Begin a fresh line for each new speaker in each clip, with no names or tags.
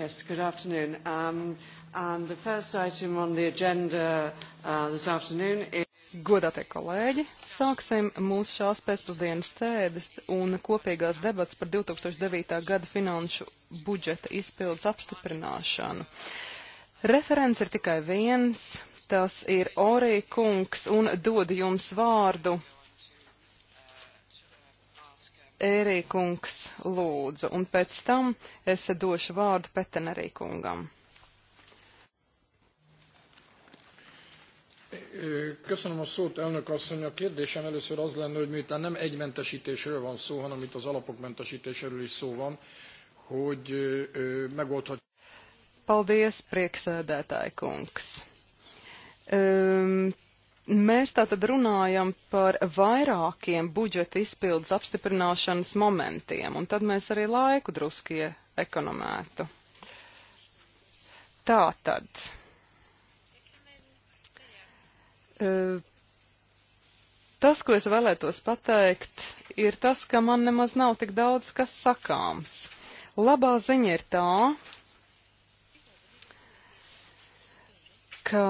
Yes, good afternoon. Um, and the first item on the agenda uh, this afternoon is... Godātie kolēģi, sāksim mūsu šās pēcpusdienas sēdes un kopīgās debats par 2009. gada finanšu budžeta izpildes apstiprināšanu. Referents ir tikai viens, tas ir Orī kungs, un dodu jums vārdu Ērīkungs lūdzu, un pēc tam es došu vārdu Petenerīkungam.
Köszönöm a szót, elnök asszony. A kérdésem először az lenne, hogy miután nem egy mentesítésről van szó, hanem itt az alapok mentesítéséről is szó van, hogy megoldhatjuk.
Paldies, prieksēdētāji kungs. Um, Mēs tātad runājam par vairākiem budžeta izpildes apstiprināšanas momentiem, un tad mēs arī laiku druskie ekonomētu. Tātad. E, tas, ko es vēlētos pateikt, ir tas, ka man nemaz nav tik daudz kas sakāms. Labā ziņa ir tā, ka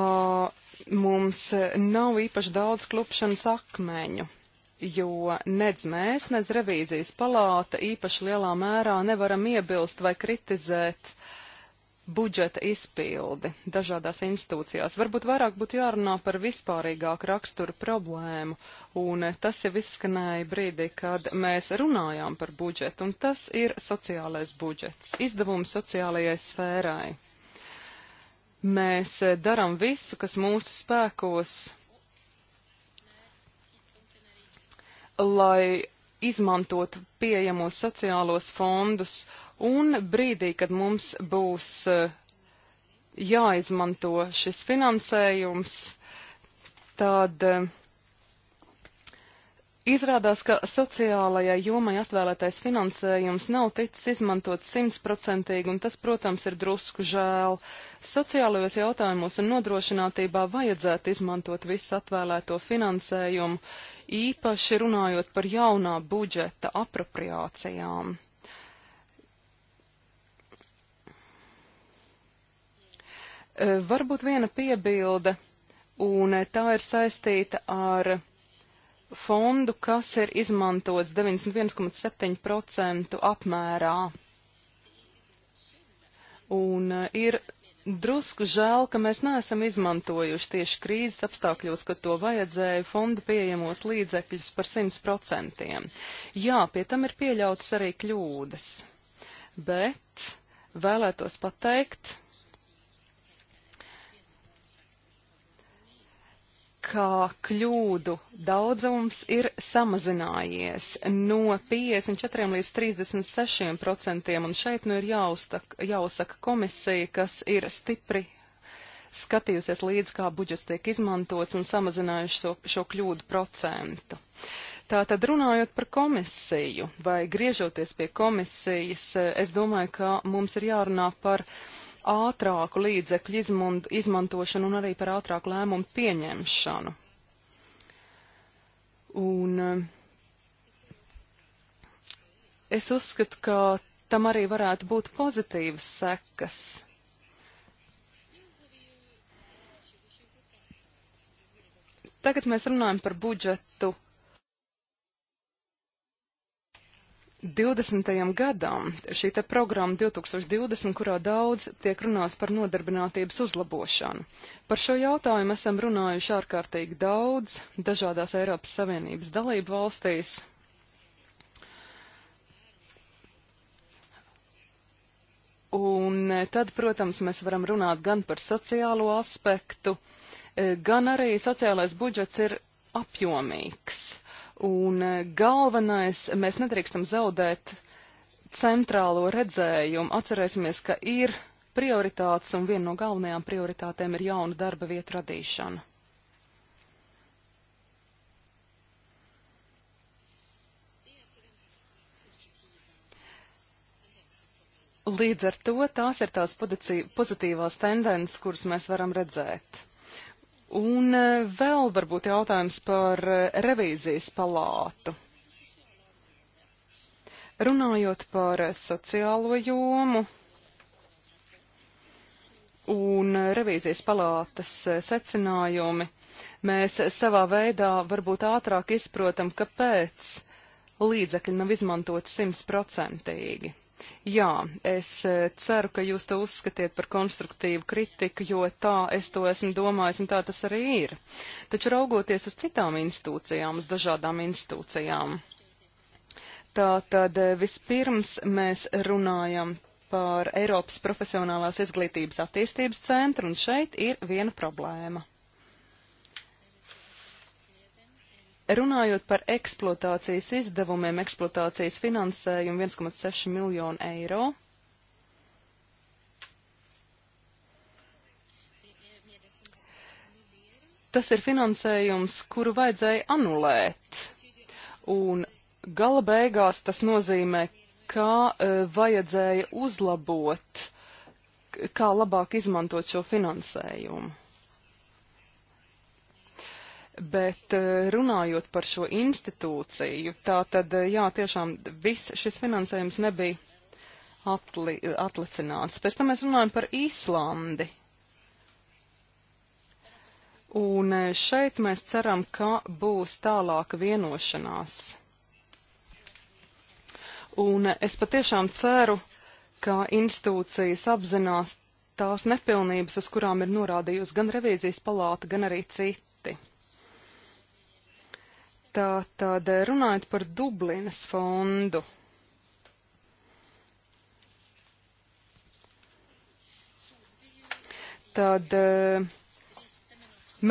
Mums nav īpaši daudz klupšanas akmeņu, jo nedz mēs, nedz revīzijas palāta īpaši lielā mērā nevaram iebilst vai kritizēt budžeta izpildi dažādās institūcijās. Varbūt vairāk būtu jārunā par vispārīgāku raksturu problēmu, un tas jau izskanēja brīdī, kad mēs runājām par budžetu, un tas ir sociālais budžets, izdevumi sociālajai sfērai. Mēs eh, darām visu, kas mūsu spēkos, lai izmantotu pieejamos sociālos fondus un brīdī, kad mums būs eh, jāizmanto šis finansējums, tad uh, Izrādās, ka sociālajai jomai atvēlētais finansējums nav ticis izmantot simtprocentīgi, un tas, protams, ir drusku žēl. Sociālajos jautājumos un nodrošinātībā vajadzētu izmantot visu atvēlēto finansējumu, īpaši runājot par jaunā budžeta apropriācijām. E, varbūt viena piebilde, un e, tā ir saistīta ar fondu, kas ir izmantots 91,7% apmērā. Un eh, ir drusku žēl, ka mēs neesam izmantojuši tieši krīzes apstākļos, kad to vajadzēja fonda pieejamos līdzekļus par 100%. Jā, pie tam ir pieļautas arī kļūdas, bet vēlētos pateikt, ka kļūdu daudzums ir samazinājies no 54 līdz 36 procentiem, un šeit nu ir jāuztak, jāuzsaka komisija, kas ir stipri skatījusies līdz, kā budžets tiek izmantots un samazinājuši šo, šo kļūdu procentu. Tātad runājot par komisiju vai griežoties pie komisijas, es domāju, ka mums ir jārunā par uh, ātrāku līdzekļu izmund, izmantošanu un arī par ātrāku lēmumu pieņemšanu. Un eh, es uzskatu, ka tam arī varētu būt pozitīvas sekas. Tagad mēs runājam par budžetu 20. gadam, šī te programma 2020, kurā daudz tiek runāts par nodarbinātības uzlabošanu. Par šo jautājumu esam runājuši ārkārtīgi daudz dažādās Eiropas Savienības dalību valstīs, Un e, tad, protams, mēs varam runāt gan par sociālo aspektu, e, gan arī sociālais budžets ir apjomīgs. Un e, galvenais, mēs nedrīkstam zaudēt centrālo redzējumu. Atcerēsimies, ka ir prioritātes, un viena no galvenajām prioritātēm ir jauna darba vieta radīšana. Līdz ar to tās ir tās pozitīvās tendences, kuras mēs varam redzēt. Un eh, vēl varbūt jautājums par eh, revīzijas palātu. Runājot par eh, sociālo jomu un revīzijas palātas secinājumi, mēs savā veidā varbūt ātrāk izprotam, kāpēc līdzekļi nav izmantoti simtprocentīgi. Jā, es e, ceru, ka jūs to uzskatiet par konstruktīvu kritiku, jo tā es to esmu domājis un tā tas arī ir. Taču raugoties uz citām institūcijām, uz dažādām institūcijām, tā tad e, vispirms mēs runājam par Eiropas profesionālās izglītības attīstības centru, un šeit ir viena problēma. Runājot par eksploatācijas izdevumiem, eksploatācijas finansējumu 1,6 miljonu eiro. Tas ir finansējums, kuru vajadzēja anulēt. Un gala beigās tas nozīmē, kā uh, vajadzēja uzlabot, kā labāk izmantot šo finansējumu. Bet eh, runājot par šo institūciju, tā tad, eh, jā, tiešām viss šis finansējums nebija atli, eh, atlicināts. Pēc tam mēs runājam par Īslandi. Un šeit mēs ceram, ka būs tālāka vienošanās. Un es patiešām ceru, ka institūcijas apzinās tās nepilnības, uz kurām ir norādījusi gan revīzijas palāta, gan arī citi Tā tad runājot par Dublinas fondu. Tad eh,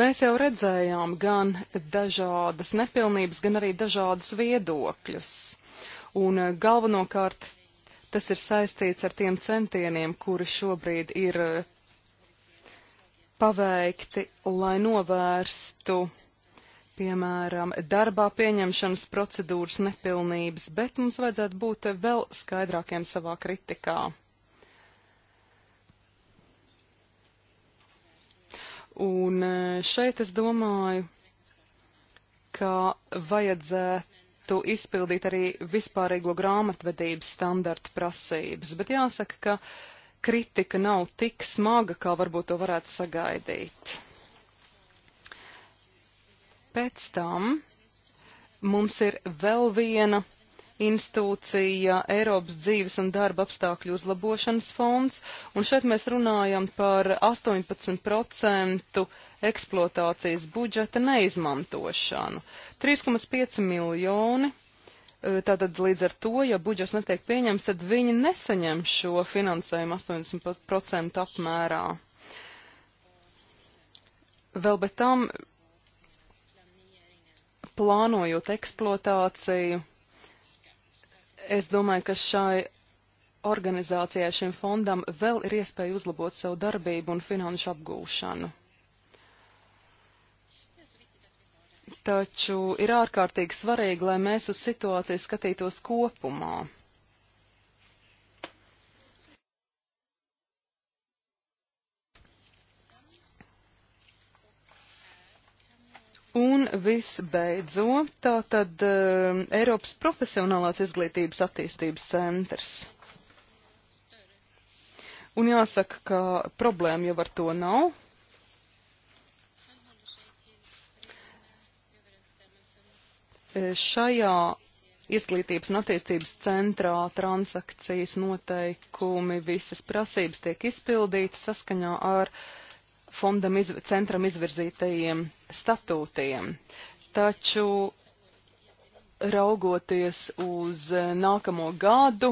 mēs jau redzējām gan dažādas nepilnības, gan arī dažādas viedokļus. Un eh, galvenokārt tas ir saistīts ar tiem centieniem, kuri šobrīd ir eh, paveikti, lai novērstu piemēram, darbā pieņemšanas procedūras nepilnības, bet mums vajadzētu būt vēl skaidrākiem savā kritikā. Un e, šeit es domāju, ka vajadzētu izpildīt arī vispārīgo grāmatvedības standarta prasības, bet jāsaka, ka kritika nav tik smaga, kā varbūt to varētu sagaidīt. Pēc tam mums ir vēl viena institūcija Eiropas dzīves un darba apstākļu uzlabošanas fonds, un šeit mēs runājam par 18% eksploatācijas budžeta neizmantošanu. 3,5 miljoni. E, tātad līdz ar to, ja budžets netiek pieņems, tad viņi nesaņem šo finansējumu 80% apmērā. Vēl bet tam plānojot eksploatāciju, es domāju, ka šai organizācijai, šim fondam vēl ir iespēja uzlabot savu darbību un finanšu apgūšanu. Taču ir ārkārtīgi svarīgi, lai mēs uz situāciju skatītos kopumā. Un visbeidzot, tā tad uh, um, Eiropas profesionālās izglītības attīstības centrs. Un jāsaka, ka problēma jau ar to nav. Šajā izglītības un attīstības centrā transakcijas noteikumi, visas prasības tiek izpildītas saskaņā ar uh, fondam iz, centram izvirzītajiem statūtiem. Taču raugoties uz eh, nākamo gadu,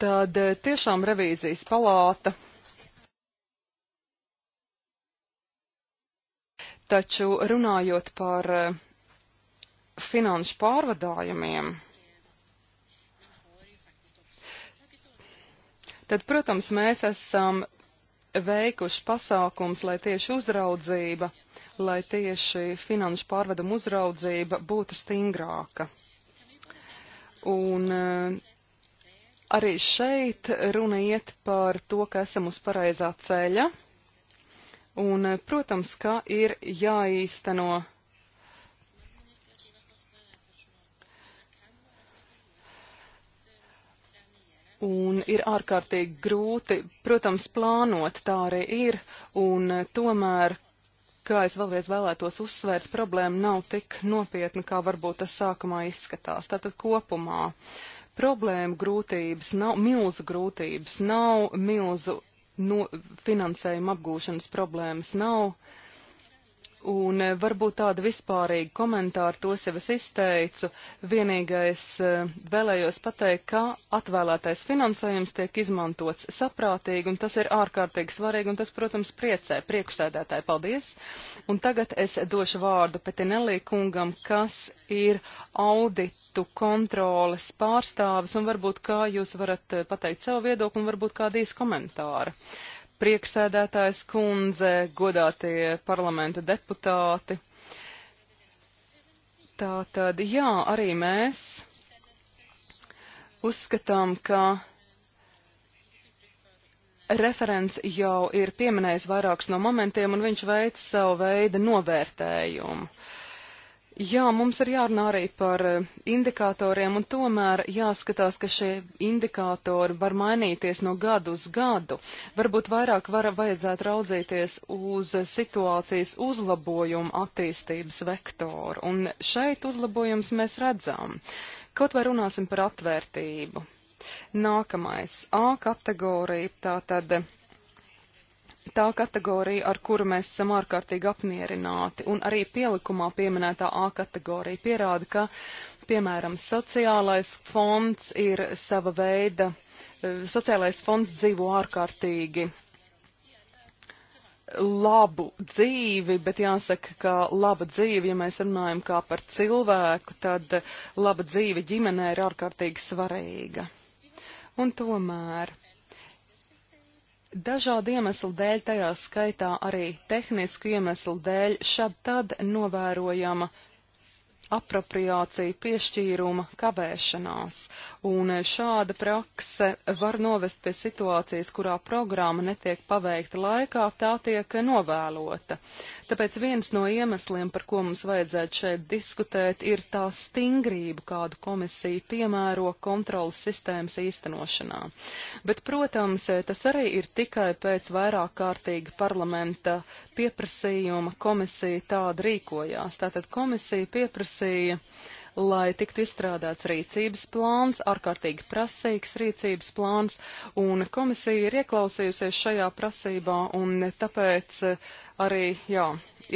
tad eh, tiešām revīzijas palāta. Taču runājot par eh, finanšu pārvadājumiem, tad, protams, mēs esam veikuši pasākums, lai tieši uzraudzība, lai tieši finanšu pārvedumu uzraudzība būtu stingrāka. Un eh, arī šeit runa iet par to, ka esam uz pareizā ceļa. Un, eh, protams, ka ir jāīsteno un ir ārkārtīgi grūti, protams, plānot, tā arī ir, un tomēr, kā es vēlreiz vēlētos uzsvērt, problēma nav tik nopietna, kā varbūt tas sākumā izskatās. Tātad kopumā problēma grūtības nav, milzu grūtības nav, milzu no, finansējuma apgūšanas problēmas nav. Uh, Un eh, varbūt tādu vispārīgu komentāru tos jau es izteicu. Vienīgais eh, vēlējos pateikt, ka atvēlētais finansējums tiek izmantots saprātīgi, un tas ir ārkārtīgi svarīgi, un tas, protams, priecē priekšsēdētāji. Paldies! Un tagad es došu vārdu Petinelī kungam, kas ir auditu kontroles pārstāvis, un varbūt kā jūs varat eh, pateikt savu viedokli, un varbūt kādīs komentāru. Uh, prieksēdētājs kundze, godātie parlamenta deputāti. Tātad, jā, arī mēs uzskatām, ka referents jau ir pieminējis vairākus no momentiem, un viņš veic savu veidu novērtējumu. Uh, Jā, mums ir jārunā arī par eh, indikatoriem, un tomēr jāskatās, ka šie indikatori var mainīties no gadu uz gadu. Varbūt vairāk var, vajadzētu raudzīties uz situācijas uzlabojumu attīstības vektoru, un šeit uzlabojums mēs redzam. Kaut vai runāsim par atvērtību. Nākamais - A kategorija, tātad tā kategorija, ar kuru mēs esam ārkārtīgi apmierināti, un arī pielikumā pieminētā A kategorija pierāda, ka, piemēram, sociālais fonds ir sava veida, e, sociālais fonds dzīvo ārkārtīgi labu dzīvi, bet jāsaka, ka laba dzīve, ja mēs runājam kā par cilvēku, tad laba dzīve ģimenē ir ārkārtīgi svarīga. Un tomēr Dažādu iemeslu dēļ, tajā skaitā arī tehnisku iemeslu dēļ, šad tad novērojama apropriācija piešķīruma kavēšanās, un šāda prakse var novest pie situācijas, kurā programma netiek paveikta laikā, tā tiek novēlota. Tāpēc viens no iemesliem, par ko mums vajadzētu šeit diskutēt, ir tā stingrība, kādu komisija piemēro kontrolas sistēmas īstenošanā. Bet, protams, tas arī ir tikai pēc vairāk kārtīga parlamenta pieprasījuma komisija tāda rīkojās. Tātad komisija pieprasīja uh, lai tiktu izstrādāts rīcības plāns, ārkārtīgi prasīgs rīcības plāns, un komisija ir ieklausījusies šajā prasībā, un tāpēc eh, arī, jā,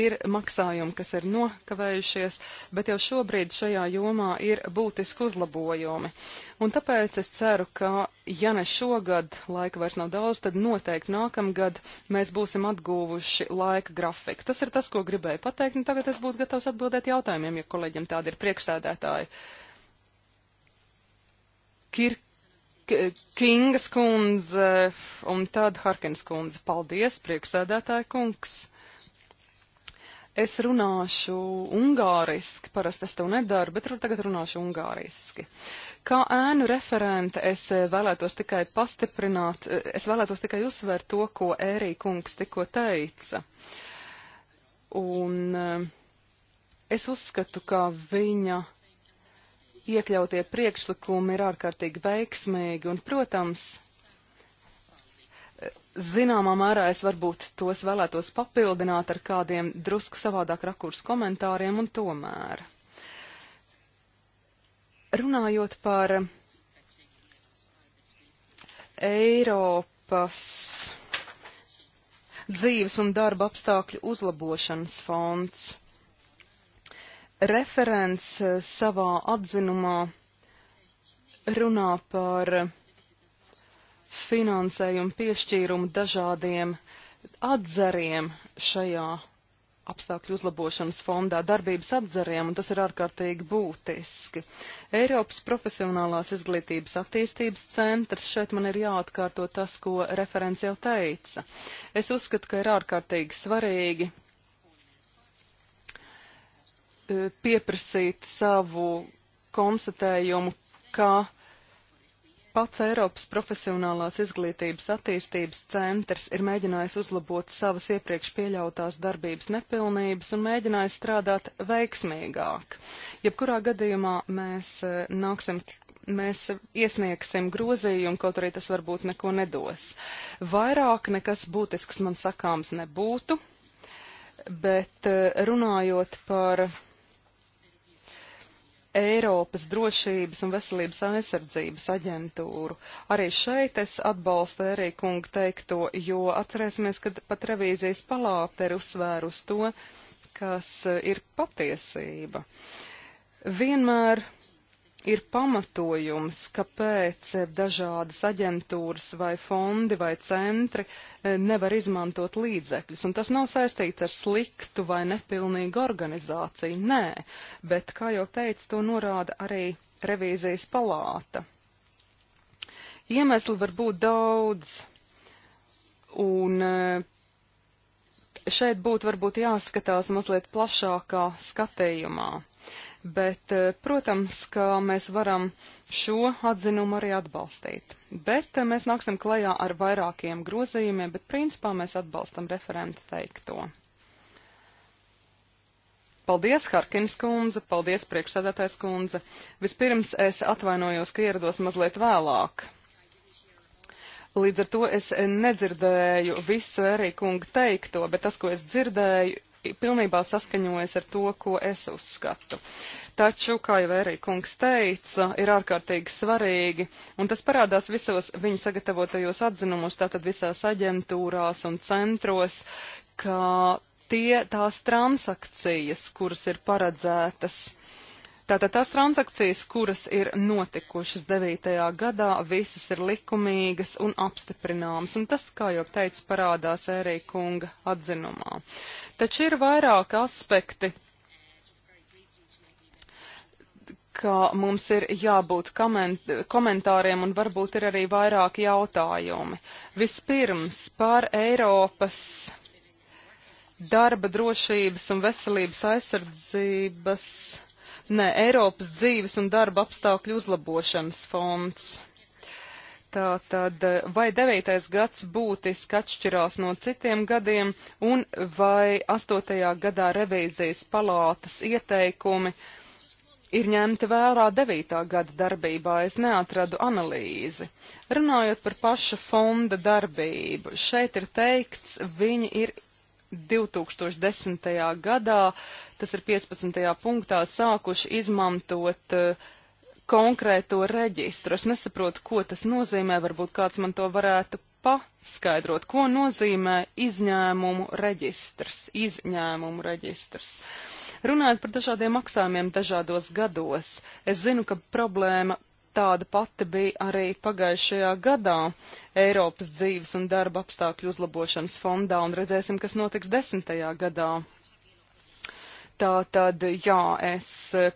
ir maksājumi, kas ir nokavējušies, bet jau šobrīd šajā jomā ir būtiski uzlabojumi. Un tāpēc es ceru, ka ja ne šogad, laika vairs nav daudz, tad noteikti nākamgad mēs būsim atguvuši laika grafiku. Tas ir tas, ko gribēju pateikt, un tagad es būtu gatavs atbildēt jautājumiem, ja kolēģiem tādi ir priekšsēdētāji. Kirk Kingas kundze un tad Harkins kundze. Paldies, priekšsēdētāja kungs. Es runāšu ungāriski, parasti es to nedaru, bet tagad runāšu ungāriski. Uh, Kā ēnu referente es eh, vēlētos tikai pastiprināt, eh, es vēlētos tikai uzsvērt to, ko Ērī kungs tikko teica. Un eh, es uzskatu, ka viņa iekļautie priekšlikumi ir ārkārtīgi veiksmīgi un, protams, zināmā mērā es varbūt tos vēlētos papildināt ar kādiem drusku savādāk rakurs komentāriem un tomēr. Runājot par Eiropas dzīves un darba apstākļu uzlabošanas fonds, referents eh, savā atzinumā runā par finansējumu piešķīrumu dažādiem atzariem šajā apstākļu uzlabošanas fondā darbības apdzariem, un tas ir ārkārtīgi būtiski. Eiropas profesionālās izglītības attīstības centrs, šeit man ir jāatkārto tas, ko referents jau teica. Es uzskatu, ka ir ārkārtīgi svarīgi e, pieprasīt savu konstatējumu, ka Pats Eiropas profesionālās izglītības attīstības centrs ir mēģinājis uzlabot savas iepriekš pieļautās darbības nepilnības un mēģinājis strādāt veiksmīgāk. Jebkurā gadījumā mēs eh, nāksim mēs iesniegsim grozījumu, kaut arī tas varbūt neko nedos. Vairāk nekas būtisks man sakāms nebūtu, bet eh, runājot par Eiropas drošības un veselības aizsardzības aģentūru. Arī šeit es atbalstu Ērīkungu teikto, jo atcerēsimies, ka pat revīzijas palāte ir uzsvērus to, kas ir patiesība. Vienmēr ir pamatojums, kāpēc dažādas aģentūras vai fondi vai centri eh, nevar izmantot līdzekļus. Un tas nav saistīts ar sliktu vai nepilnīgu organizāciju, nē, bet, kā jau teicu, to norāda arī revīzijas palāta. Iemesli var būt daudz, un eh, šeit būtu varbūt jāskatās mazliet plašākā skatījumā. Bet, eh, protams, ka mēs varam šo atzinumu arī atbalstīt. Bet eh, mēs nāksim klajā ar vairākiem grozījumiem, bet principā mēs atbalstam referentu teikto. Paldies, Harkins kundze, paldies, priekšsēdētājs kundze. Vispirms es atvainojos, ka ierados mazliet vēlāk. Līdz ar to es nedzirdēju visu Erika kunga teikto, bet tas, ko es dzirdēju, pilnībā saskaņojas ar to, ko es uzskatu. Taču, kā jau arī kungs teica, ir ārkārtīgi svarīgi, un tas parādās visos viņa sagatavotajos atzinumos, tātad visās aģentūrās un centros, ka tie tās transakcijas, kuras ir paredzētas, tātad tās transakcijas, kuras ir notikušas 9. gadā, visas ir likumīgas un apstiprināmas, un tas, kā jau teicu, parādās Ērī kunga atzinumā. Taču ir vairāki aspekti, ka mums ir jābūt koment komentāriem un varbūt ir arī vairāki jautājumi. Vispirms par Eiropas darba drošības un veselības aizsardzības, ne, Eiropas dzīves un darba apstākļu uzlabošanas fonds. Tātad, vai devītais gads būtiski atšķirās no citiem gadiem, un vai astotajā gadā revīzijas palātas ieteikumi ir ņemti vērā devītā gada darbībā, es neatradu analīzi. Runājot par paša fonda darbību, šeit ir teikts, viņi ir 2010. gadā, tas ir 15. punktā, sākuši izmantot uh, konkrēto reģistru. Es nesaprotu, ko tas nozīmē, varbūt kāds man to varētu paskaidrot, ko nozīmē izņēmumu reģistrs, izņēmumu reģistrs. Runājot par dažādiem maksājumiem dažādos gados, es zinu, ka problēma tāda pati bija arī pagājušajā gadā Eiropas dzīves un darba apstākļu uzlabošanas fondā, un redzēsim, kas notiks desmitajā gadā. Tā tad, jā, es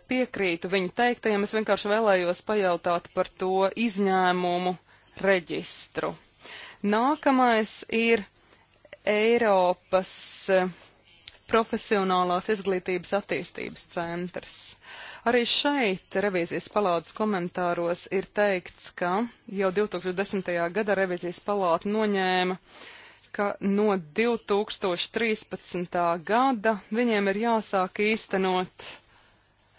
piekrītu viņa teiktajam, es vienkārši vēlējos pajautāt par to izņēmumu reģistru. Nākamais ir Eiropas eh, profesionālās izglītības attīstības centrs. Arī šeit revīzijas palādes komentāros ir teikts, ka jau 2010. gada revīzijas palāta noņēma uh, ka no 2013. gada viņiem ir jāsāk īstenot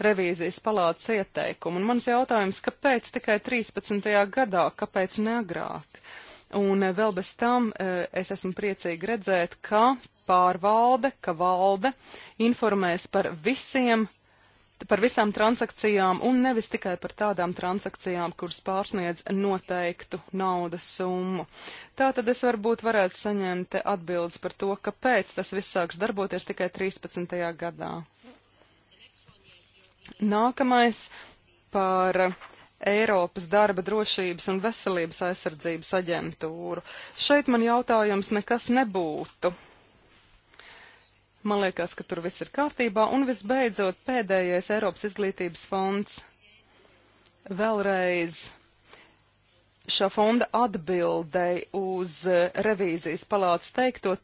revīzijas palātas ieteikumu. Un mans jautājums, kāpēc tikai 13. gadā, kāpēc neagrāk? Un eh, vēl bez tam eh, es esmu priecīgi redzēt, ka pārvalde, ka valde informēs par visiem par visām transakcijām un nevis tikai par tādām transakcijām, kuras pārsniedz noteiktu naudas summu. Tā tad es varbūt varētu saņemt atbildes par to, kāpēc tas viss sāks darboties tikai 13. gadā. Nākamais par Eiropas darba drošības un veselības aizsardzības aģentūru. Šeit man jautājums nekas nebūtu Man liekas, ka tur viss ir kārtībā. Un visbeidzot, pēdējais Eiropas izglītības fonds. Vēlreiz šā fonda atbildei uz eh, revīzijas palātas teikto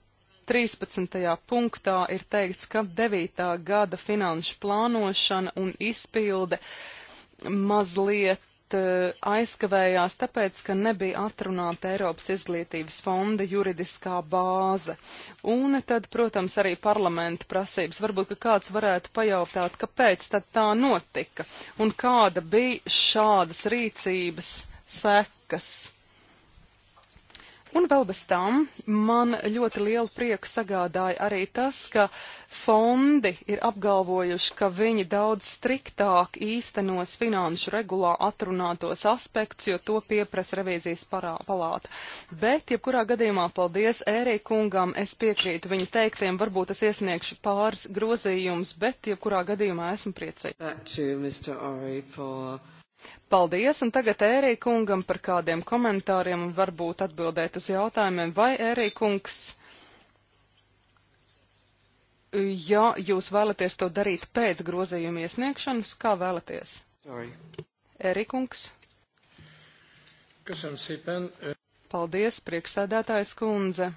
13. punktā ir teikts, ka 9. gada finanšu plānošana un izpilde mazliet Eh, aizkavējās tāpēc, ka nebija atrunāta Eiropas izglītības fonda juridiskā bāze. Un tad, protams, arī parlamenta prasības. Varbūt, ka kāds varētu pajautāt, kāpēc tad tā notika un kāda bija šādas rīcības sekas. Un vēl bez tam man ļoti lielu prieku sagādāja arī tas, ka fondi ir apgalvojuši, ka viņi daudz striktāk īstenos finanšu regulā atrunātos aspektus, jo to pieprasa revīzijas parā, palāta. Bet, ja kurā gadījumā paldies Ērī kungam, es piekrītu viņa teiktiem, varbūt es iesniegšu pāris grozījumus, bet, ja kurā gadījumā esmu priecīgi. Paldies, un tagad Ērī kungam par kādiem komentāriem un varbūt atbildēt uz jautājumiem. Vai Ērī kungs, ja jūs vēlaties to darīt pēc grozījuma iesniegšanas, kā vēlaties? Ērī kungs. Paldies, priekšsēdētājs kundze.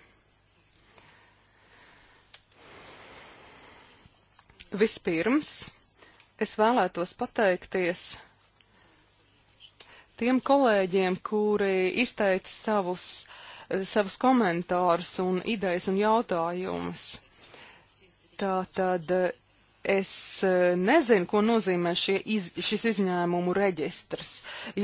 Vispirms es vēlētos pateikties tiem kolēģiem, kuri izteica savus, eh, savus komentārus un idejas un jautājumus. Tā tad eh, es eh, nezinu, ko nozīmē iz, šis izņēmumu reģistrs.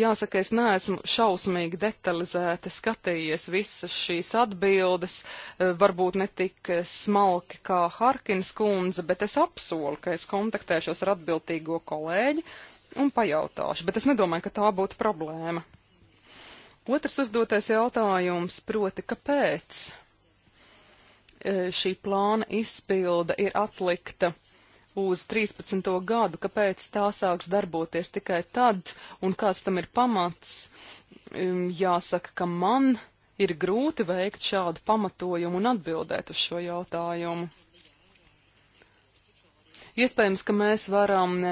Jāsaka, es neesmu šausmīgi detalizēti skatījies visas šīs atbildes, varbūt ne tik smalki kā Harkins kundze, bet es apsolu, ka es kontaktēšos ar atbildīgo kolēģi un pajautāšu, bet es nedomāju, ka tā būtu problēma. Otrs uzdotais jautājums proti, kāpēc e, šī plāna izpilda ir atlikta uz 13. gadu, kāpēc tā sāks darboties tikai tad, un kāds tam ir pamats, e, jāsaka, ka man ir grūti veikt šādu pamatojumu un atbildēt uz šo jautājumu. Iespējams, ka mēs varam e,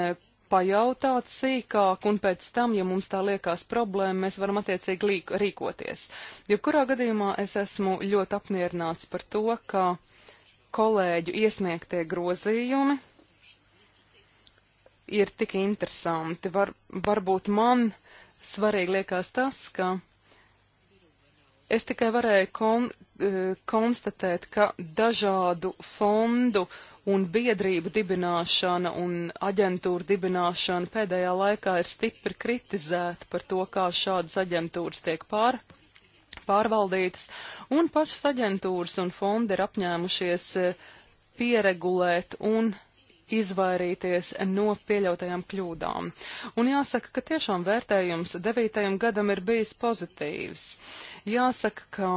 pajautāt sīkāk, un pēc tam, ja mums tā liekas problēma, mēs varam attiecīgi līk, rīkoties. Jebkurā gadījumā es esmu ļoti apmierināts par to, ka kolēģu iesniegtie grozījumi ir tik interesanti. Var, varbūt man svarīgi liekas tas, ka Es tikai varēju kon, e, konstatēt, ka dažādu fondu un biedrību dibināšana un aģentūra dibināšana pēdējā laikā ir stipri kritizēta par to, kā šādas aģentūras tiek pār, pārvaldītas, un pašas aģentūras un fondi ir apņēmušies e, pieregulēt un izvairīties no pieļautajām kļūdām. Un jāsaka, ka tiešām vērtējums devītajam gadam ir bijis pozitīvs. Uh, Jāsaka, ka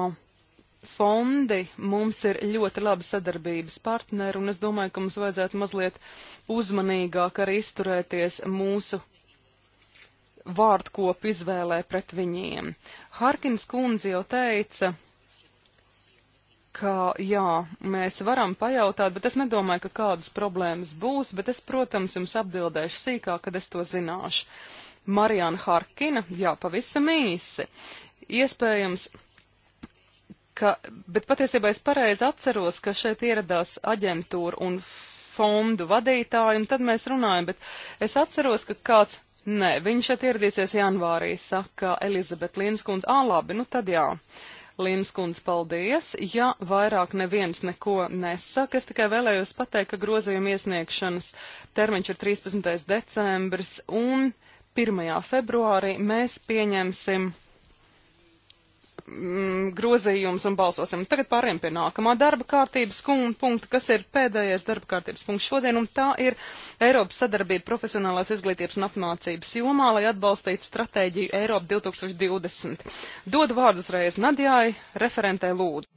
fondi mums ir ļoti labi sadarbības partneri, un es domāju, ka mums vajadzētu mazliet uzmanīgāk arī izturēties mūsu vārdkopu izvēlē pret viņiem. Harkins kundze jau teica, ka jā, mēs varam pajautāt, bet es nedomāju, ka kādas problēmas būs, bet es, protams, jums atbildēšu sīkāk, kad es to zināšu. Marijāna Harkina, jā, pavisam īsi. Iespējams, ka, bet patiesībā es pareizi atceros, ka šeit ieradās aģentūra un fondu vadītāji, un tad mēs runājam, bet es atceros, ka kāds, nē, viņš šeit ieradīsies janvārī, saka Elizabete Linskundze, ā, labi, nu tad jā. Līmskundz, paldies. Ja vairāk neviens neko nesaka, es tikai vēlējos pateikt, ka grozījuma iesniegšanas termiņš ir 13. decembris un 1. februārī mēs pieņemsim mm, grozījums un balsosim. Tagad pāriem pie nākamā darba kārtības punkta, kas ir pēdējais darba kārtības punkts šodien, un tā ir Eiropas sadarbība profesionālās izglītības un apmācības jomā, lai atbalstītu stratēģiju Eiropa 2020. Dod vārdus reiz Nadjai, referentē lūdzu.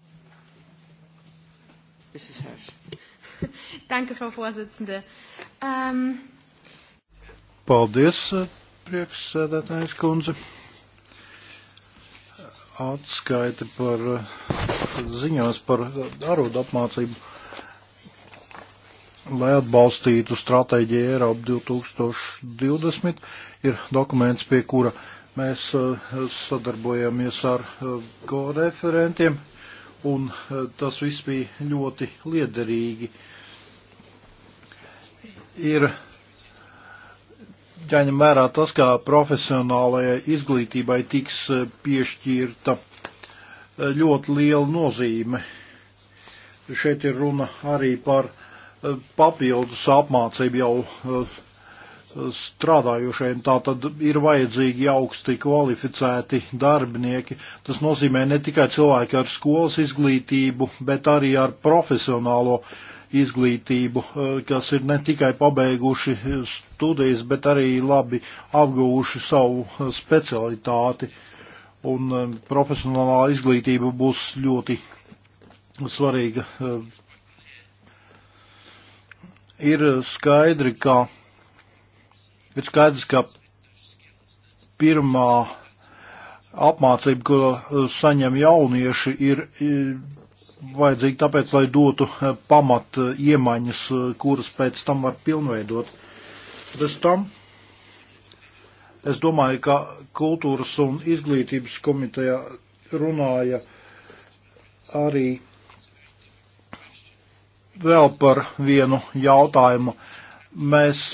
Danke, Frau Vorsitzende. Um... Paldies, priekšsēdētājs kundze atskaiti par ziņās par arodu apmācību, lai atbalstītu stratēģiju Eiropu 2020, ir dokuments, pie kura mēs eh, sadarbojamies ar eh, koreferentiem, un eh, tas viss bija ļoti liederīgi. Ir jāņem vērā tas, kā profesionālajai izglītībai tiks eh, piešķirta eh, ļoti liela nozīme. Šeit ir runa arī par eh, papildus apmācību jau strādājušajiem. Tā tad ir vajadzīgi augsti kvalificēti darbinieki. Tas nozīmē ne tikai cilvēki ar skolas izglītību, bet arī ar profesionālo izglītību izglītību, eh, kas ir ne tikai pabeiguši studijas, bet arī labi apguvuši savu eh, specialitāti. Un eh, profesionālā izglītība būs ļoti svarīga. Ir skaidri, ka, ir skaidrs, ka pirmā apmācība, ko saņem jaunieši, ir vajadzīgi tāpēc, lai dotu eh, pamat eh, iemaņas, eh, kuras pēc tam var pilnveidot. Bez tam es domāju, ka kultūras un izglītības komitejā runāja arī vēl par vienu jautājumu. Mēs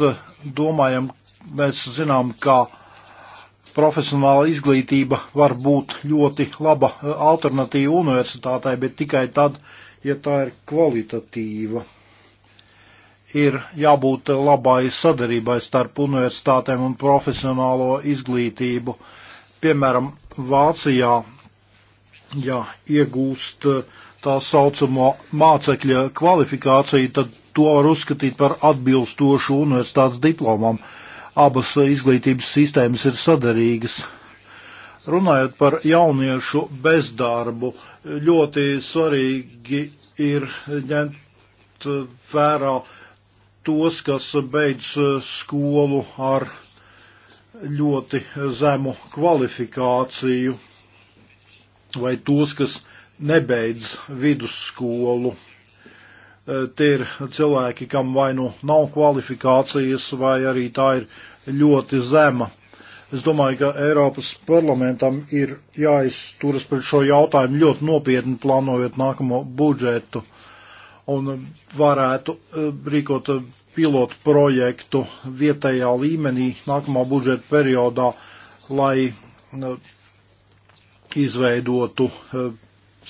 domājam, mēs zinām, ka profesionāla izglītība var būt ļoti laba eh, alternatīva universitātei, bet tikai tad, ja tā ir kvalitatīva. Ir jābūt labai sadarībai starp universitātēm un profesionālo izglītību. Piemēram, Vācijā, ja iegūst eh, tā saucamo mācekļa kvalifikāciju, tad to var uzskatīt par atbilstošu universitātes diplomam. Uh, abas izglītības sistēmas ir sadarīgas. Runājot par jauniešu bezdarbu, ļoti svarīgi ir ņemt vērā tos, kas beidz skolu ar ļoti zemu kvalifikāciju, vai tos, kas nebeidz vidusskolu. Eh, tie ir cilvēki, kam vai nu nav kvalifikācijas, vai arī tā ir ļoti zema. Es domāju, ka Eiropas parlamentam ir jāizturas pret šo jautājumu ļoti nopietni plānojot nākamo budžetu un varētu eh, rīkot eh, pilotu projektu vietējā līmenī nākamā budžeta periodā, lai izveidotu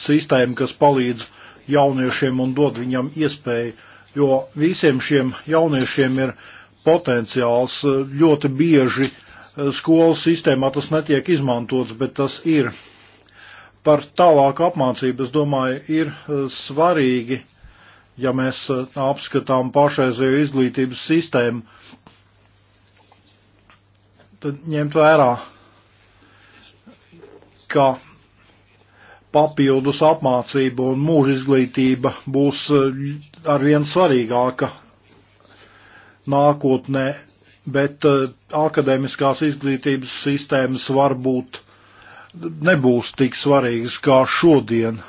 sistēmu, kas palīdz jauniešiem un dod viņam iespēju, jo visiem šiem jauniešiem ir potenciāls eh, ļoti bieži eh, skolas sistēmā tas netiek izmantots, bet tas ir. Par tālāku apmācību, es domāju, ir eh, svarīgi, ja mēs apskatām pašreizējo izglītības sistēmu, tad ņemt vērā, ka papildus apmācība un mūža izglītība būs eh, arvien svarīgāka nākotnē, bet eh, akadēmiskās izglītības sistēmas varbūt nebūs tik svarīgas kā šodien.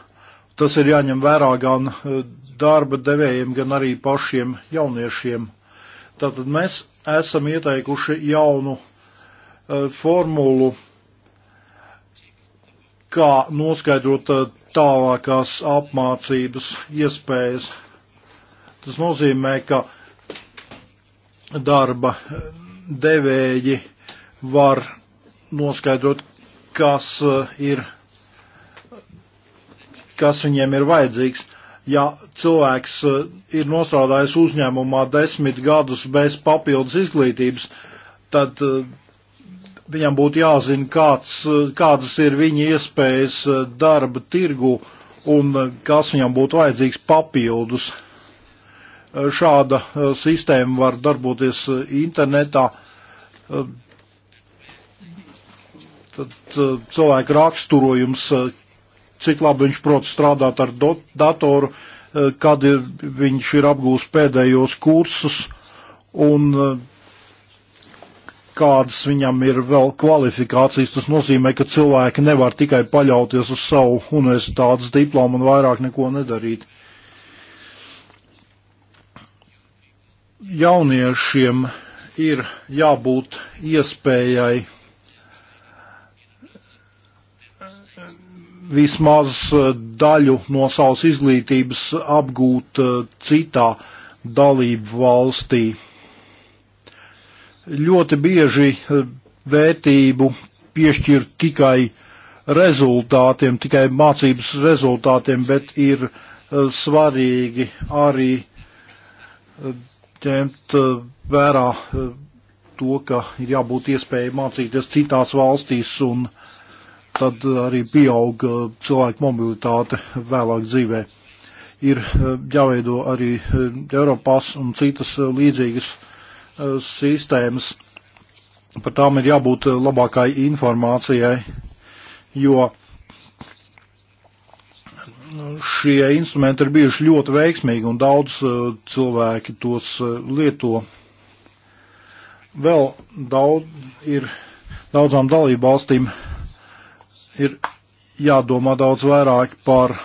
Tas ir jāņem vērā gan eh, darba devējiem, gan arī pašiem jauniešiem. Tātad mēs esam ieteikuši jaunu formulu kā noskaidrot uh, tālākās apmācības iespējas. Tas nozīmē, ka darba devēji var noskaidrot, kas uh, ir, kas viņiem ir vajadzīgs. Ja cilvēks uh, ir nostrādājis uzņēmumā desmit gadus bez papildus izglītības, tad uh, viņam būtu jāzina, kāds, kādas ir viņa iespējas eh, darba tirgu un eh, kas viņam būtu vajadzīgs papildus. Eh, šāda sistēma var darboties internetā. Tad cilvēka raksturojums, cik labi viņš prot strādāt ar datoru, kad ir, viņš ir apgūst pēdējos kursus un kādas viņam ir vēl kvalifikācijas. Tas nozīmē, ka cilvēki nevar tikai paļauties uz savu universitātes diplomu un vairāk neko nedarīt. Jauniešiem ir jābūt iespējai vismaz daļu no savas izglītības apgūt eh, citā dalību valstī Ļoti bieži eh, vērtību piešķir tikai rezultātiem, tikai mācības rezultātiem, bet ir eh, svarīgi arī eh, ņemt vērā to, ka ir jābūt iespēja mācīties citās valstīs un tad arī pieaug cilvēku mobilitāte vēlāk dzīvē. Ir jāveido arī Eiropās un citas līdzīgas uh, sistēmas. Par tām ir jābūt labākai informācijai, jo šie instrumenti ir bijuši ļoti veiksmīgi un daudz uh, cilvēki tos uh, lieto. Vēl daudz ir, daudzām dalību valstīm ir jādomā daudz vairāk par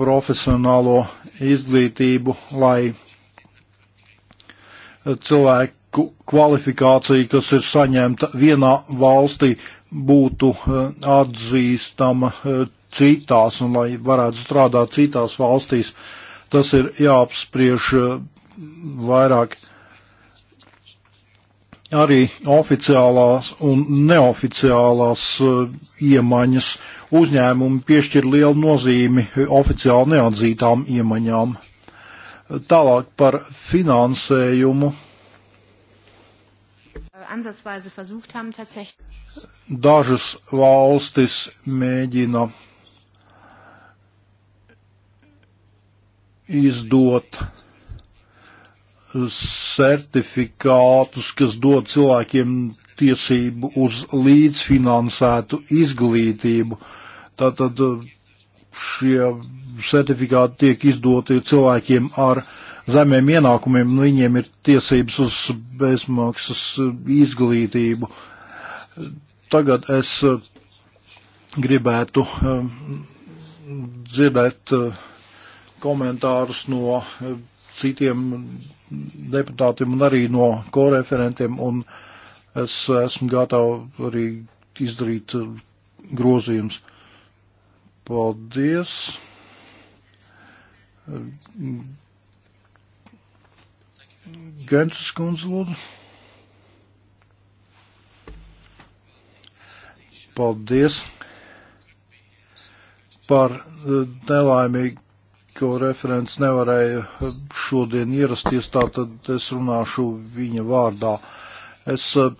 profesionālo izglītību, lai cilvēku kvalifikācija, kas ir saņemta vienā valstī, būtu eh, atzīstama eh, citās un lai varētu strādāt citās valstīs. Tas ir jāapspriež eh, vairāk arī oficiālās un neoficiālās iemaņas. Uzņēmumi piešķir lielu nozīmi oficiāli neatzītām iemaņām. Tālāk par finansējumu. Dažas valstis mēģina izdot certifikātus, kas dod cilvēkiem tiesību uz līdzfinansētu izglītību. Tātad uh, šie certifikāti tiek izdoti cilvēkiem ar zemiem ienākumiem, un nu, viņiem ir tiesības uz bezmaksas izglītību. Tagad es eh, gribētu eh, dzirdēt eh, komentārus no citiem deputātiem un arī no koreferentiem, un es esmu gatavs arī izdarīt grozījums. Paldies! Gensas kundze, lūdzu. Paldies par eh, nelaimīgo referents nevarēju eh, šodien ierasties, tātad es runāšu viņa vārdā. Es eh,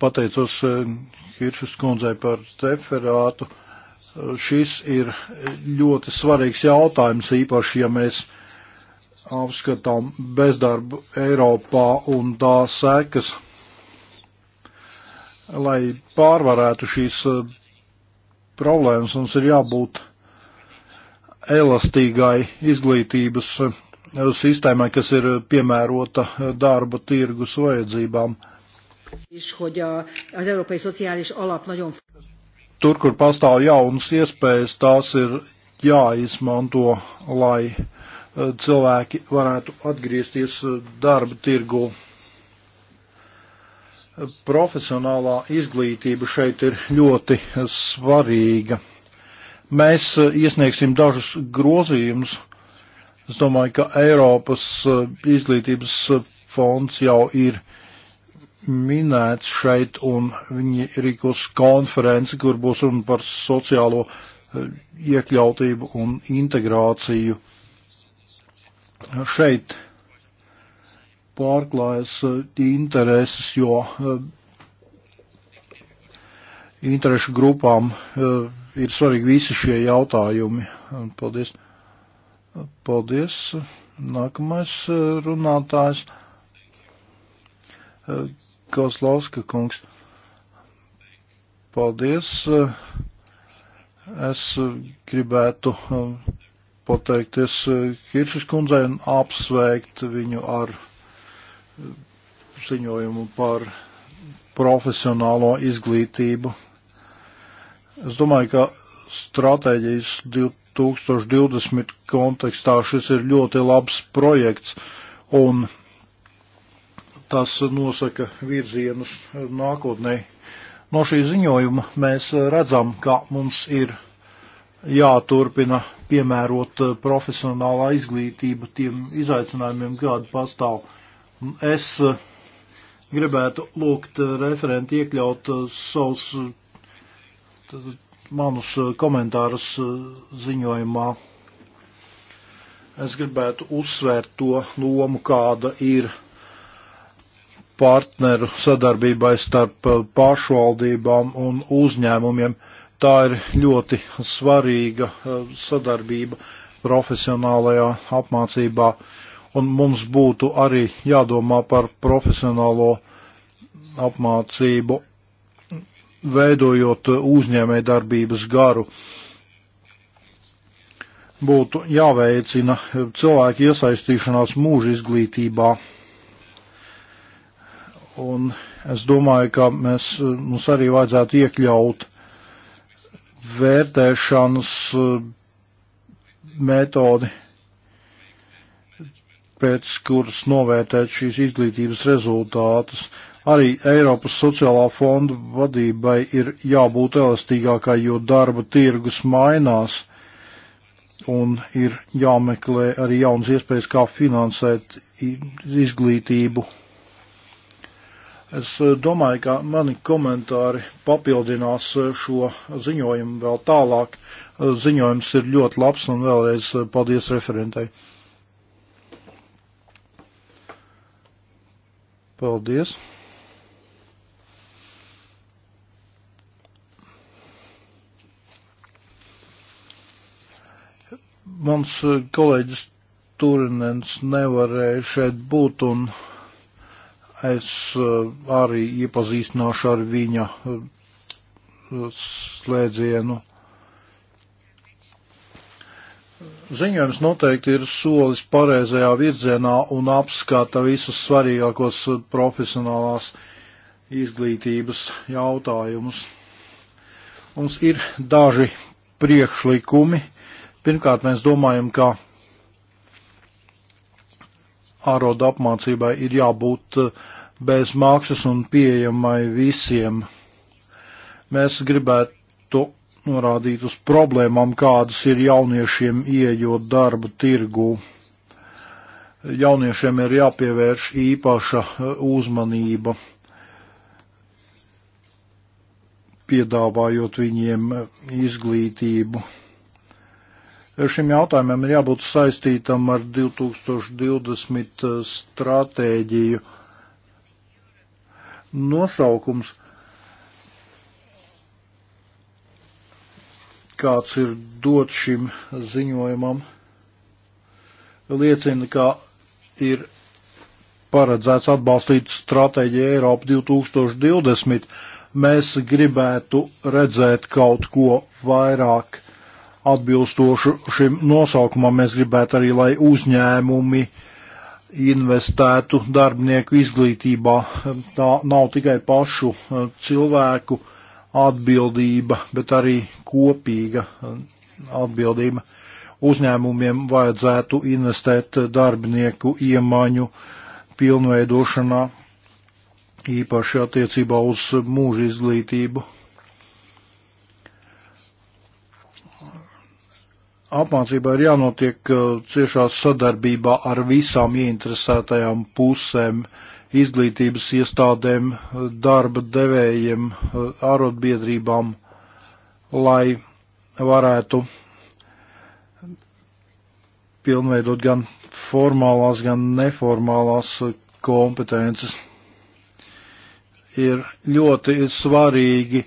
pateicos Hiršas kundzei par referātu Šis ir ļoti svarīgs jautājums, īpaši, ja mēs apskatām bezdarbu Eiropā un tā sekas. Lai pārvarētu šīs e, problēmas, mums ir jābūt elastīgai izglītības e, sistēmai, kas ir piemērota darba tirgus vajadzībām. is, hogy az Európai Szociális Alap nagyon tur, kur pastāv jaunas iespējas, tās ir jāizmanto, lai eh, cilvēki varētu atgriezties eh, darba tirgu. Profesionālā izglītība šeit ir ļoti eh, svarīga. Mēs iesniegsim dažus grozījumus. Es domāju, ka Eiropas izglītības fonds jau ir minēts šeit, un viņi rīkos konferenci, kur būs runa par sociālo eh, iekļautību un integrāciju. Šeit pārklājas eh, intereses, jo eh, interešu grupām ir svarīgi visi šie jautājumi. Paldies. Paldies. Nākamais runātājs. Kozlovska kungs. Paldies. Es gribētu eh, pateikties Kiršas eh, kundzei un apsveikt viņu ar eh, ziņojumu par profesionālo izglītību. Es domāju, ka stratēģijas 2020 kontekstā šis ir ļoti labs projekts, un tas nosaka virzienus nākotnē. No šī ziņojuma mēs redzam, ka mums ir jāturpina piemērot profesionālā izglītība tiem izaicinājumiem, kādi pastāv. Es gribētu lūgt referenti iekļaut savus manus komentārus ziņojumā. Es gribētu uzsvērt to lomu, kāda ir partneru sadarbībai starp uh, pašvaldībām un uzņēmumiem. Tā ir ļoti svarīga uh, sadarbība profesionālajā apmācībā, un mums būtu arī jādomā par profesionālo apmācību, veidojot uzņēmē darbības garu būtu jāveicina cilvēku iesaistīšanās mūža izglītībā Un es domāju, ka mēs, mums arī vajadzētu iekļaut vērtēšanas eh, metodi, pēc kuras novērtēt šīs izglītības rezultātus. Arī Eiropas sociālā fonda vadībai ir jābūt elastīgākai, jo darba tirgus mainās un ir jāmeklē arī jaunas iespējas, kā finansēt izglītību Es eh, domāju, ka mani komentāri papildinās eh, šo ziņojumu vēl tālāk. Eh, ziņojums ir ļoti labs un vēlreiz paldies referentai. Paldies! Mans kolēģis Turinens nevarēja šeit būt un es eh, arī iepazīstināšu ar viņa eh, slēdzienu. Ziņojums noteikti ir solis pareizajā virzienā un apskata visus svarīgākos eh, profesionālās izglītības jautājumus. Mums ir daži priekšlikumi. Pirmkārt, mēs domājam, ka ārodu apmācībai ir jābūt eh, bez maksas un pieejamai visiem. Mēs gribētu norādīt uz problēmām, kādas ir jauniešiem ieejot darbu tirgu. Jauniešiem ir jāpievērš īpaša eh, uzmanība, piedāvājot viņiem eh, izglītību šim jautājumam ir jābūt saistītam ar 2020 eh, stratēģiju. Nosaukums, kāds ir dots šim ziņojumam, liecina, ka ir paredzēts atbalstīt stratēģiju Eiropa 2020. Mēs gribētu redzēt kaut ko vairāk atbilstoši šim nosaukumam mēs gribētu arī, lai uzņēmumi investētu darbinieku izglītībā. Tā nav tikai pašu eh, cilvēku atbildība, bet arī kopīga eh, atbildība. Uzņēmumiem vajadzētu investēt darbinieku iemaņu pilnveidošanā, īpaši attiecībā uz mūža izglītību. apmācībā ir jānotiek uh, ciešā sadarbībā ar visām ieinteresētajām pusēm, izglītības iestādēm, darba devējiem, uh, arotbiedrībām, lai varētu pilnveidot gan formālās, gan neformālās kompetences. Ir ļoti svarīgi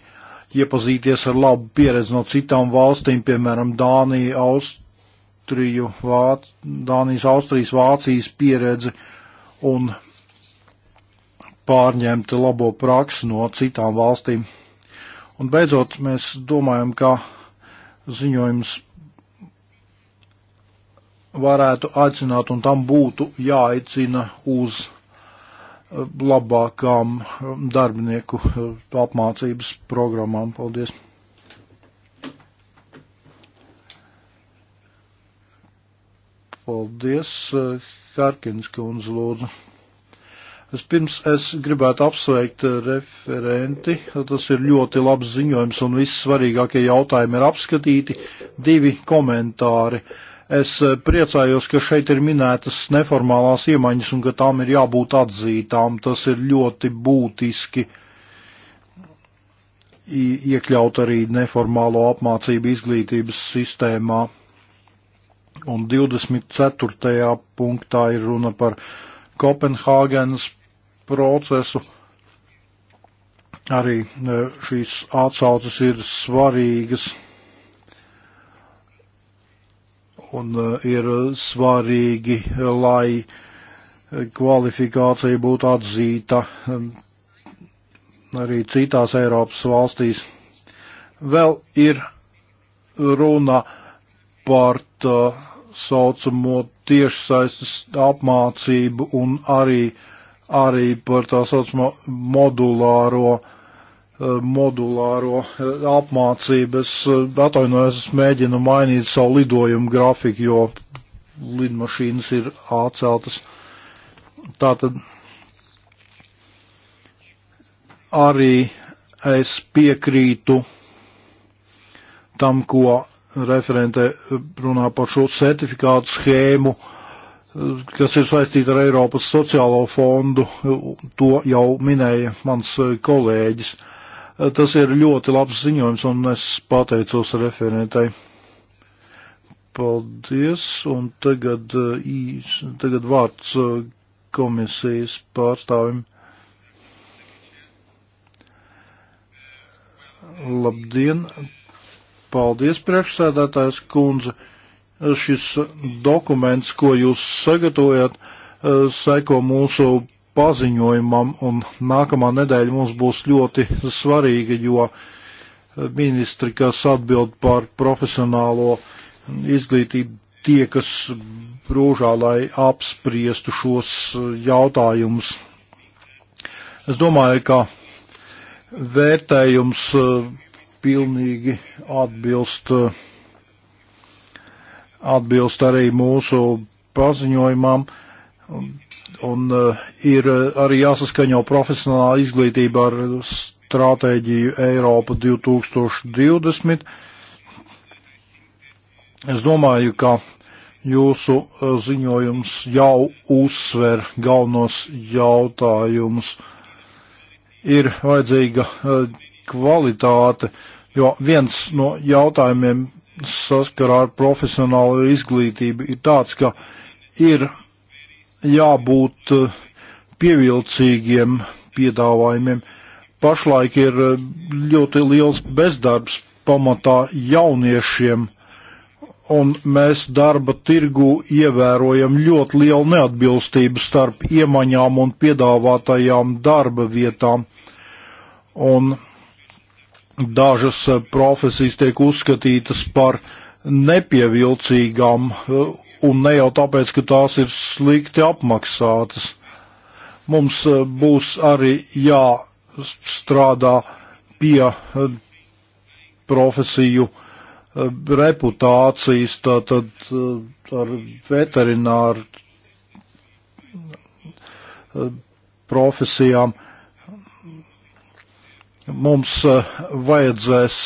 iepazīties ar labu pieredzi no citām valstīm, piemēram, Dāniju, Austriju, Vāc, Dānijas, Austrijas, Vācijas pieredzi un pārņemt labo praksi no citām valstīm. Un beidzot, mēs domājam, ka ziņojums varētu aicināt un tam būtu jāaicina uz labākām um, darbinieku uh, apmācības programmām. Paldies! Paldies, uh, Harkins kundze, lūdzu. Es pirms es gribētu apsveikt uh, referenti. Tas ir ļoti labs ziņojums un viss svarīgākie jautājumi ir apskatīti. Divi komentāri. Uh, Es eh, priecājos, ka šeit ir minētas neformālās iemaņas un ka tām ir jābūt atzītām. Tas ir ļoti būtiski iekļaut arī neformālo apmācību izglītības sistēmā. Un 24. punktā ir runa par Kopenhāgenes procesu. Arī eh, šīs atsauces ir svarīgas un eh, ir svarīgi, lai eh, kvalifikācija būtu atzīta ehm, arī citās Eiropas valstīs. Vēl ir runa par tā saucamo tiešsaistes apmācību un arī, arī par tā saucamo modulāro uh, Eh, modulāro eh, apmācību. Es eh, atvainojos, es mēģinu mainīt savu lidojumu grafiku, jo lidmašīnas ir atceltas. Tātad arī es piekrītu tam, ko referente runā par šo certifikātu schēmu, kas ir saistīta ar Eiropas sociālo fondu. To jau minēja mans kolēģis. Uh, Tas ir ļoti labs ziņojums, un es pateicos referentai. Paldies, un tagad, uh, īs, tagad vārds uh, komisijas pārstāvim. Labdien! Paldies, priekšsēdētājs kundze! Šis dokuments, ko jūs sagatavojat, uh, seko mūsu paziņojumam, un nākamā nedēļa mums būs ļoti svarīga, jo eh, ministri, kas atbild par profesionālo izglītību, tie, kas brūžā, lai apspriestu šos eh, jautājumus. Es domāju, ka vērtējums eh, pilnīgi atbilst, atbilst arī mūsu paziņojumam. Un eh, ir eh, arī jāsaskaņo profesionālā izglītība ar stratēģiju Eiropa 2020. Es domāju, ka jūsu eh, ziņojums jau uzsver galvenos jautājumus. Ir vajadzīga kvalitāte, jo viens no jautājumiem saskarā ar profesionālo izglītību ir tāds, ka ir jābūt eh, pievilcīgiem piedāvājumiem. Pašlaik ir eh, ļoti liels bezdarbs pamatā jauniešiem, un mēs darba tirgu ievērojam ļoti lielu neatbilstību starp iemaņām un piedāvātajām darba vietām. Un dažas eh, profesijas tiek uzskatītas par nepievilcīgām un ne jau tāpēc, ka tās ir slikti apmaksātas. Mums eh, būs arī jāstrādā pie eh, profesiju eh, reputācijas, tātad ar veterināru profesijām. Mums vajadzēs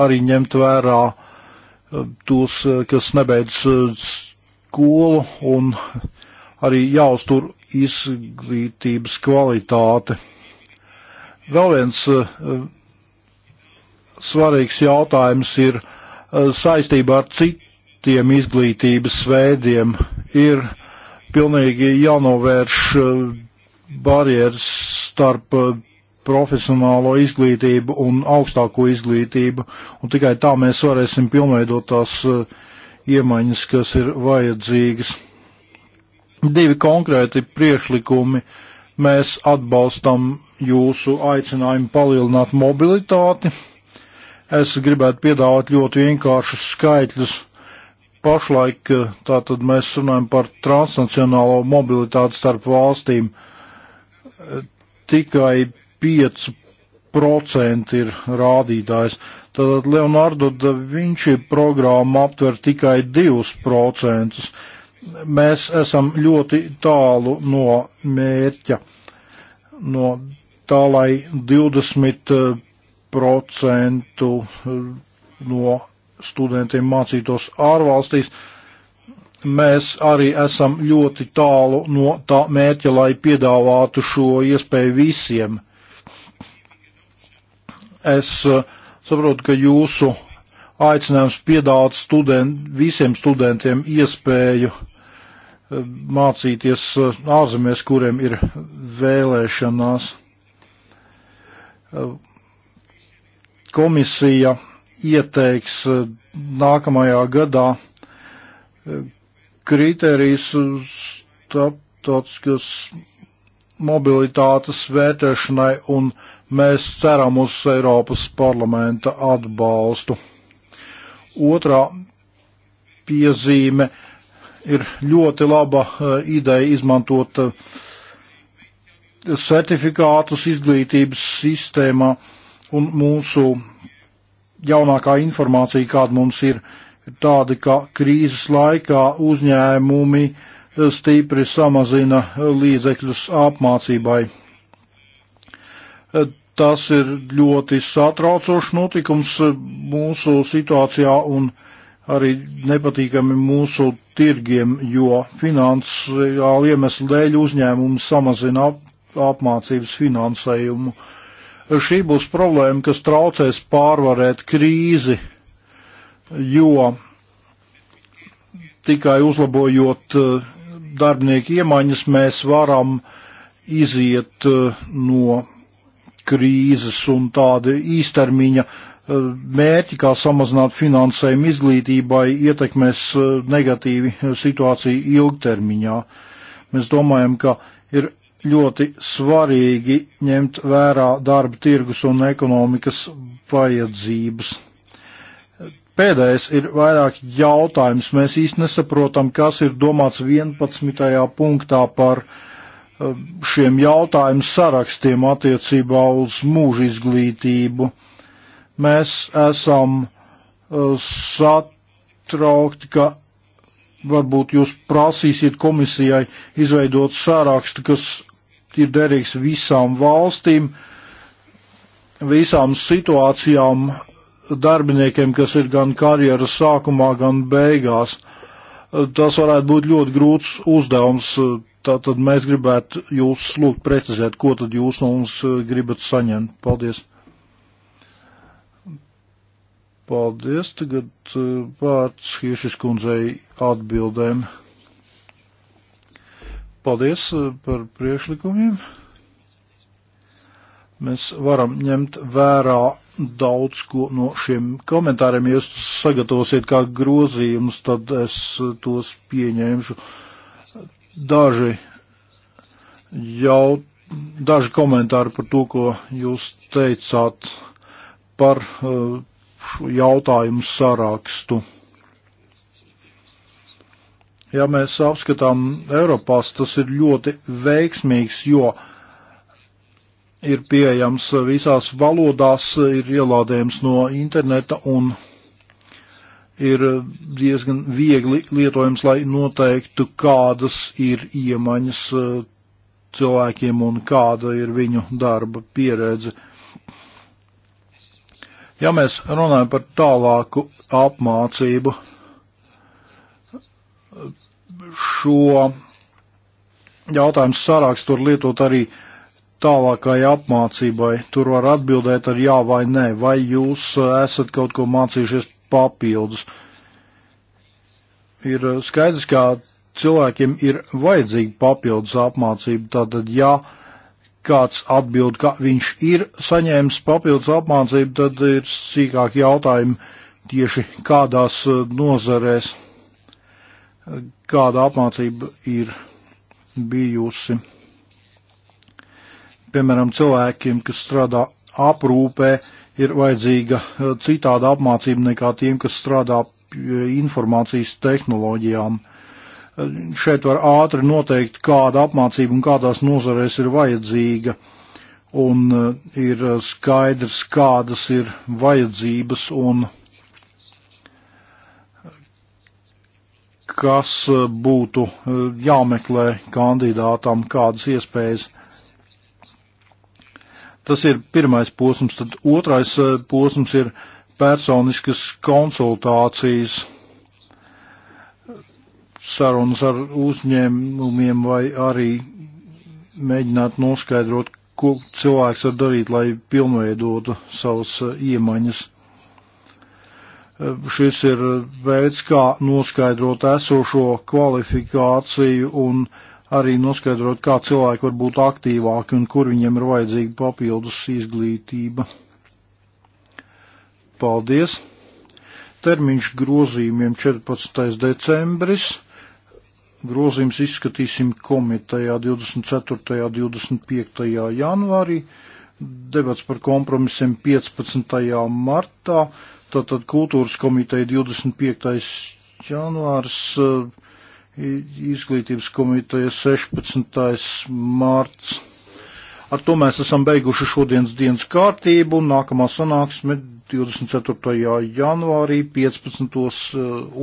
arī ņemt vērā tos, kas nebeidz skolu un arī jāuztur izglītības kvalitāte. Vēl viens eh, svarīgs jautājums ir eh, saistībā ar citiem izglītības veidiem. Ir pilnīgi jānovērš eh, barjeras starp profesionālo izglītību un augstāko izglītību, un tikai tā mēs varēsim pilnveidot tās uh, iemaņas, kas ir vajadzīgas. Divi konkrēti priekšlikumi. Mēs atbalstam jūsu aicinājumu palielināt mobilitāti. Es gribētu piedāvāt ļoti vienkāršus skaitļus. Pašlaik eh, tātad mēs runājam par transnacionālo mobilitāti starp valstīm. Eh, tikai 5% ir rādītājs. Tātad Leonardo da Vinci programma aptver tikai 2%. Mēs esam ļoti tālu no mērķa, no tā, lai 20% eh, eh, no studentiem mācītos ārvalstīs mēs arī esam ļoti tālu no tā mērķa, lai piedāvātu šo iespēju visiem. Es eh, Saprotu, ka jūsu aicinājums piedāvāt student, visiem studentiem iespēju eh, mācīties eh, ārzemēs, kuriem ir vēlēšanās. Eh, komisija ieteiks nākamajā gadā kritērijs starptautiskas mobilitātes vērtēšanai, un mēs ceram uz Eiropas parlamenta atbalstu. Otrā piezīme ir ļoti laba e, ideja izmantot e, certifikātus izglītības sistēmā un mūsu jaunākā informācija, kāda mums ir, ir tāda, ka krīzes laikā uzņēmumi uh, stipri samazina līdzekļus apmācībai. Tas ir ļoti satraucošs notikums mūsu situācijā un arī nepatīkami mūsu tirgiem, jo finansiāli iemeslu dēļ uzņēmumi samazina ap, apmācības finansējumu. Šī būs problēma, kas traucēs pārvarēt krīzi, jo tikai uzlabojot uh, darbinieku iemaņas mēs varam iziet eh, no krīzes un tāda īstermiņa eh, mērķi, kā samazināt finansējumu izglītībai, ietekmēs eh, negatīvi situāciju ilgtermiņā. Mēs domājam, ka ir ļoti svarīgi ņemt vērā darba tirgus un ekonomikas vajadzības. Pēdējais ir vairāk jautājums. Mēs īsti nesaprotam, kas ir domāts 11. punktā par eh, šiem jautājumu sarakstiem attiecībā uz mūža izglītību. Mēs esam eh, satraukti, ka varbūt jūs prasīsiet komisijai izveidot sārakstu, kas ir derīgs visām valstīm, visām situācijām darbiniekiem, kas ir gan karjeras sākumā, gan beigās. Tas varētu būt ļoti grūts uzdevums. Tātad mēs gribētu jūs lūgt precizēt, ko tad jūs no mums eh, gribat saņemt. Paldies! Paldies! Tagad eh, vārds Hiešas kundzei atbildēm. Paldies eh, par priekšlikumiem. Mēs varam ņemt vērā daudz ko no šiem komentāriem. Ja jūs sagatavosiet kā grozījumus, tad es tos pieņemšu. Daži, jau, daži komentāri par to, ko jūs teicāt par uh, šo jautājumu sarakstu. Ja mēs apskatām Eiropās, tas ir ļoti veiksmīgs, jo uh, ir pieejams visās valodās, ir ielādējams no interneta un ir diezgan viegli lietojams, lai noteiktu, kādas ir iemaņas eh, cilvēkiem un kāda ir viņu darba pieredze. Ja mēs runājam par tālāku apmācību, eh, šo jautājumu sarakstu var lietot arī uh, tālākai apmācībai. Tur var atbildēt ar jā vai nē, vai jūs uh, esat kaut ko mācījušies papildus. Ir uh, skaidrs, ka cilvēkiem ir vajadzīga papildus apmācība, tātad jā. Ja kāds atbild, ka viņš ir saņēmis papildus apmācību, tad ir sīkāk jautājumi tieši kādās uh, nozarēs, kāda apmācība ir bijusi piemēram, cilvēkiem, kas strādā aprūpē, ir vajadzīga eh, citāda apmācība nekā tiem, kas strādā eh, informācijas tehnoloģijām. Eh, šeit var ātri noteikt, kāda apmācība un kādās nozarēs ir vajadzīga, un ir skaidrs, kādas ir vajadzības un kas būtu jāmeklē kandidātam, kādas iespējas. Tas ir pirmais posms, tad otrais eh, posms ir personiskas konsultācijas sarunas ar uzņēmumiem vai arī mēģināt noskaidrot, ko cilvēks var darīt, lai pilnveidotu savas eh, iemaņas. Eh, šis ir veids, kā noskaidrot esošo kvalifikāciju un uh, arī noskaidrot, kā cilvēki var būt aktīvāki un kur viņiem ir vajadzīga papildus izglītība. Paldies! Termiņš grozījumiem 14. decembris. Grozījums izskatīsim komitejā 24. un 25. janvārī. Debats par kompromisiem 15. martā. Tātad kultūras komiteja 25. janvārs. Uh, izglītības komiteja 16. mārts. Ar to mēs esam beiguši šodienas dienas kārtību. Nākamā sanāksme 24. janvārī 15.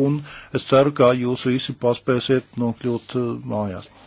un es ceru, ka jūs visi paspēsiet nokļūt uh, mājās.